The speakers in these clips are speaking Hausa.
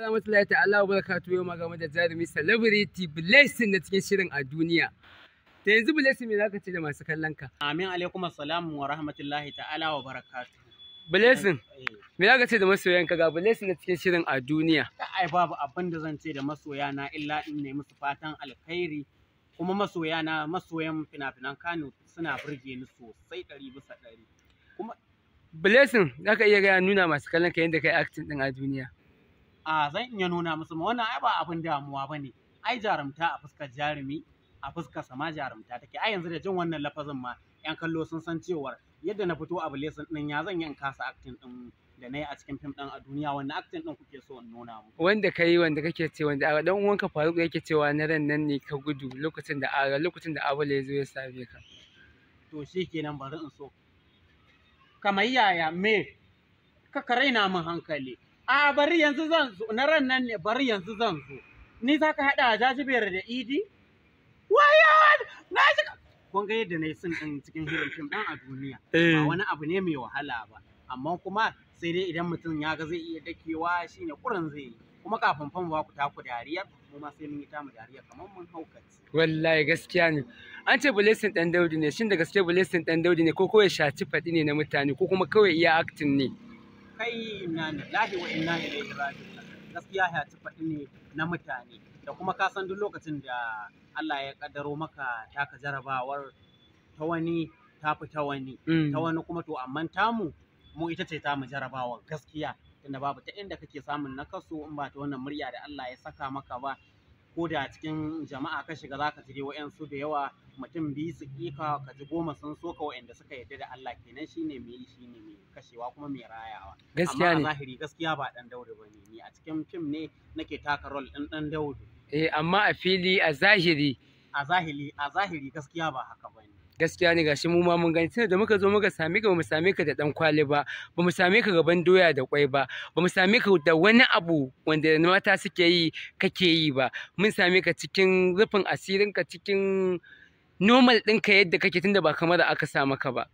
Rahmatullahi ta Allah barakatu yau magana da jarumi celebrity blessing na cikin shirin a duniya. Da yanzu blessing me zaka ce da masu kallon ka? Amin alaikum assalamu wa rahmatullahi ta'ala wa barakatu. Blessing eh. me zaka ce da masoyan ka ga blessing na cikin shirin a duniya? Ai babu abin da zan ce da masoya na illa in ne musu fatan alkhairi kuma masoya na masoyan fina-finan Kano suna burge ni sosai ɗari bisa ɗari. Kuma Blessing zaka iya gaya nuna masu kallon ka yadda kai acting din a duniya. a zan iya nuna musu ma wannan ai ba abin damuwa ba ne ai jarumta a fuskar jarumi a fuskar sama jarumta take ai yanzu da jin wannan lafazin ma yan kallo sun san cewar yadda na fito a bilisin din ya zan yi in kasa acting din da na yi a cikin fim din a duniya Wannan acting din kuke so in nuna mu. Wanda ka wanda kake ce wanda a dan uwanka Faruk yake cewa na ran nan ne ka gudu lokacin da a lokacin da abule ya zo ya same ka. To shikenan bari in so. Kamar yaya me ka raina min hankali a bari yanzu zan zo na ran nan ne bari yanzu zan zo ni za ka haɗa jajibiyar da idi e wayan na ji kun ga yadda na yi sun ɗin cikin hirin fim ɗan a duniya ba eh. wani abu ne mai wahala ba amma kuma sai dai idan mutum ya ga zai iya dakewa shine kuran zai yi kuma kafin fam ba ku taku dariyar mu ma sai mun yi tamu dariyar kamar mun haukaci wallahi gaskiya ne an ce blessing dan daudi ne shin da gaskiya blessing dan daudi ne ko kawai shaci faɗi ne na mutane ko kuma kawai iya acting ne kai inna lillahi wa inna ilaihi raji'un gaskiya ya ci faɗi ne na mutane da kuma ka san duk lokacin da Allah ya kaddaro maka taka jarabawar ta wani ta fi wani mm. ta wani kuma to amma tamu mu ita ce tamu jarabawar gaskiya tunda babu ta inda kake samun na in ba ta wannan murya da Allah ya saka maka ba ko da cikin jama'a ka shiga za ka ji wa'yansu da yawa mutum biyu su ƙika ka ji goma sun soka wa'yanda suka yarda da Allah kenan shine mai shine mai kashewa kuma mai rayawa gaskiya ne amma zahiri gaskiya ba dan daudu bane ni a cikin fim ne nake taka rol ɗan ɗan daudu eh amma a fili a zahiri a zahiri a zahiri gaskiya ba haka ba gaskiya ne gashi mu ma mun gani tunda da muka zo muka same ka bamu same ka da dan kwali ba bamu same ka gaban doya da kwai ba bamu same ka da wani abu wanda mata suke yi kake yi ba mun same ka cikin rufin asirin ka cikin normal ɗinka yadda kake tunda ba kamar da aka sa maka ba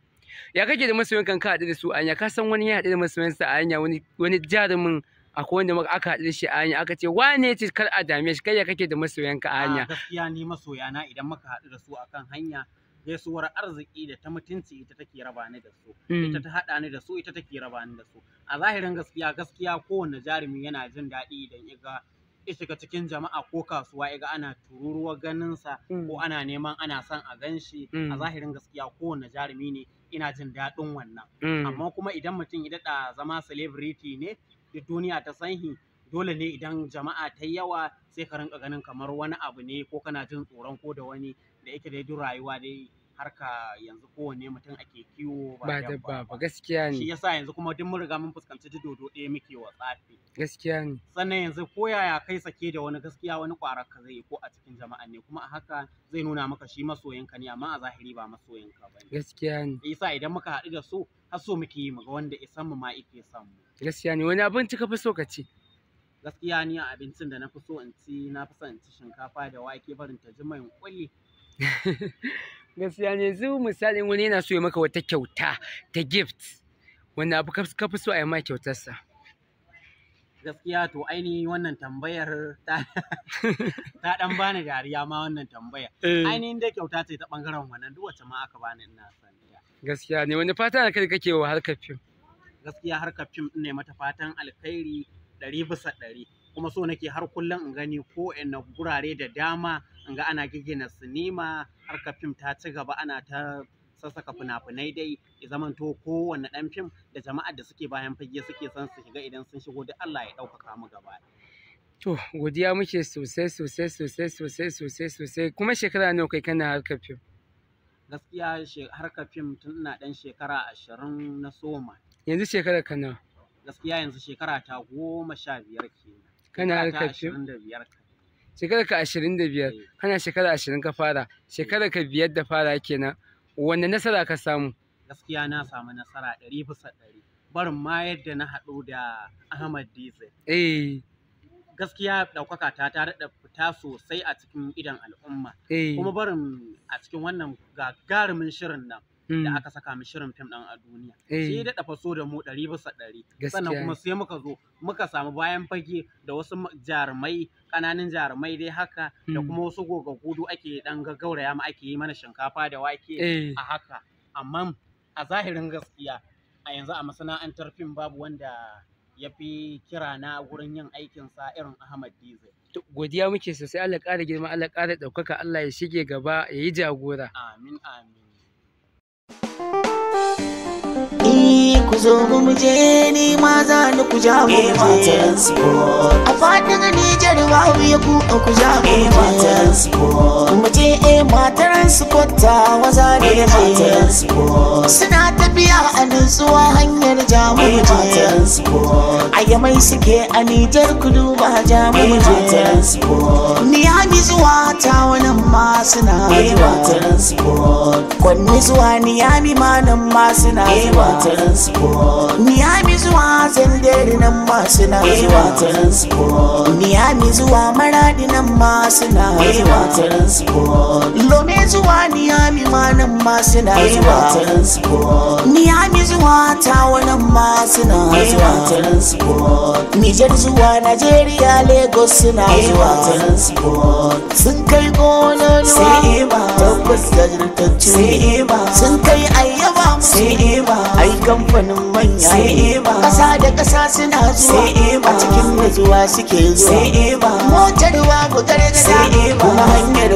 ya kake da masoyan kan ka da su anya ka san wani ya haɗu da masoyansa a anya wani wani jarumin akwai wanda aka haɗu da shi a hanya aka ce wane ce kar a dame shi kai ya kake da masoyanka a hanya gaskiya ni masoyana idan muka haɗu da su akan hanya gaisuwar arziki da ta mutunci ita take raba ni da su hmm. ita ta hada ni da su ita take raba ni da su a zahirin gaskiya gaskiya kowanne jarumi yana jin daɗi idan ya ga ya shiga cikin jama'a ko kasuwa ya ga ana tururuwa ganinsa ko hmm. ana neman ana son a gan shi a hmm. zahirin gaskiya kowane jarumi ne ina jin daɗin wannan amma kuma idan mutum ya daɗa zama celebrity ne da duniya ta san dole ne idan jama'a ta yawa sai ka rinka ganin kamar wani abu ne ko kana jin tsoron ko da wani da yake dai duk rayuwa dai harka yanzu kowanne mutum ake kiwo ba dabba ba gaskiya ne shi yasa yanzu kuma duk mun riga mun fuskanci duk dodo ɗaya muke wa tsafi gaskiya ne sannan yanzu ko yaya kai sake da wani gaskiya wani ƙwarar ka zai ko a cikin jama'a ne kuma a haka zai nuna maka shi masoyinka ne amma a zahiri ba masoyinka ba ne gaskiya ne yasa idan muka haɗu da su har so muke yi muga wanda ya san mu ma ike san mu gaskiya ne wani abinci ka fi so ka ci gaskiya ni abincin da na fi so in ci na fi son in ci shinkafa da wake barin ta ji mai kulli gaskiya ne zu misalin wani yana so ya maka wata kyauta ta gift wanda abu ka fi so a yi ma kyautarsa gaskiya to ainihin wannan tambayar ta dan bani dariya ma wannan tambaya. Eh. ainihin dai kyauta ce ta bangaren wannan duk wacce ma aka bani ina saniya gaskiya ne wani fata da kai kake wa harkar fim gaskiya harkar fim ne mata fatan alkhairi ɗari bisa ɗari kuma so nake har kullum in gani ko na gurare da dama An ga ana giggina sinima harkar fim ta ci gaba ana ta sassaka fina-finai dai ya zamanto kowane ɗan fim da jama'ar da suke bayan fage suke son su shiga idan sun shigo da Allah ya ɗaukaka mu gaba to godiya muke sosai sosai sosai sosai sosai sosai kuma shekara nawa kai kana harkar fim gaskiya harkar fim tun ina ɗan shekara ashirin na soma yanzu shekara kana gaskiya yanzu shekara ta goma sha biyar kenan kana harkar fim shekarar ka ashirin da biyar eh. kana shekara ashirin ka fara shekarar ka biyar da fara kenan wanne nasara ka samu gaskiya na samu nasara ɗari bisa ɗari barin ma yadda na haɗu da ahmad dizel eh gaskiya ɗaukaka ta ta da fita sosai a cikin idan al'umma eh. kuma barin a cikin wannan gagarumin shirin nan da mm. aka saka mu shirin fim ɗin a duniya eh. shi da faso da mu ɗari bisa ɗari sannan kuma sai muka zo muka samu bayan fage da wasu jarumai ƙananan jarumai dai haka da mm. kuma wasu gogagudu ake ɗan gaggauraya mu ake yi mana shinkafa da wake eh. a haka amma a zahirin gaskiya a yanzu a masana'antar fim babu wanda ya fi kira na gurin yin aikinsa irin Ahmad Dizel. Godiya muke sosai Allah ƙara girma Allah ƙara ɗaukaka Allah ya shige gaba ya yi jagora. Amin amin. Eh, ku zo mu mu ni ma za ni ku ja mu eh, mu a fadin Nijar babu ya ku ku ja mu eh, mu je mu je eh matar sport ta waza ne je suna tafiya a nutsuwa hanyar ja mu mu a yamai suke a Nijar kudu ba ja mu mu ni ya kwanni zuwa tawunan ma suna zuwa transport kwanni zuwa niyami ma nan ma suna zuwa niyami zuwa zandere nan ma suna niyami zuwa maradi nan ma suna zuwa lome zuwa niyami ma nan ma suna zuwa niyami zuwa tawunan ma suna zuwa nijar zuwa najeriya lagos suna zuwa sun kai gonan ba. tabbas ce. ba. sun kai ayyaba ba. ai kamfanin manya Sai ba. ƙasa da ƙasa suna zuwa ba cikin nutsuwa suke zuwa Sai ba. motar wa gugar gada kuma hanyar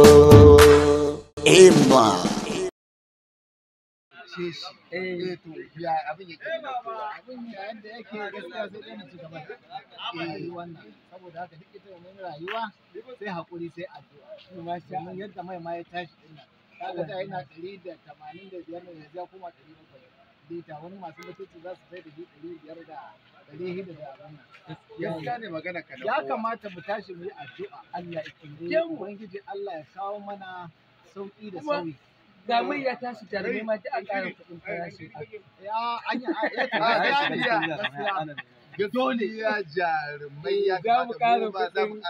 eh, eh to ya abin kowa. Eh, abin ya yadda yake gaskiya sai ɗan mu ci gaba eh wannan saboda haka duk ita mun rayuwa sai haƙuri sai addu'a masha yadda mai ma ya tashi dinnan kaga da yana ɗari da da tamanin 185 ne ya kuma 700 bita wani masu mutunci za su kai da shi ɗari biyar da ɗari hidda da wannan gaskiya ne magana ka ya kamata mu tashi mu yi addu'a Allah ya kiyaye ubangiji Allah ya kawo mana sauki da sauyi ga murya ta su tare ne ma ta a ƙara kuɗin farashin ya anya ya dole ya jarumai ya mu ƙara kuɗin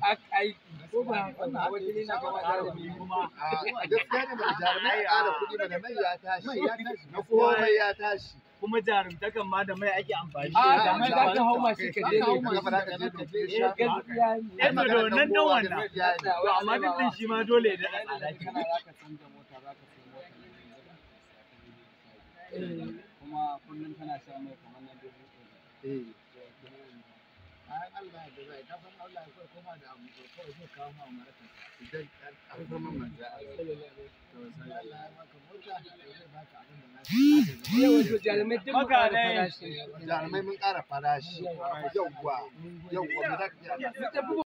aiki ko ba wannan wani ne na da mu kuma a gaskiya ne ba jarumai ƙara kuɗi ba da mai ya tashi na komai ya tashi kuma jarumtakan ma da mai ake amfani da shi. Amma za ka hau mashi ka je ne gaskiya ne eh to nan dan wannan to amma duk din shi ma dole da alaki kana za ka canza mota za ka canza mota ne kuma kullum tana sha mai kamar na dubu eh bayan Allah da zai ka san Allah ya koma da abu to kawai zai kawo ma marka idan an zama manzo Allah ya maka mota ya baka abin da zaka yi wato jarumai duk muka da farashi jarumai mun ƙara farashi yawwa yawwa mu zaka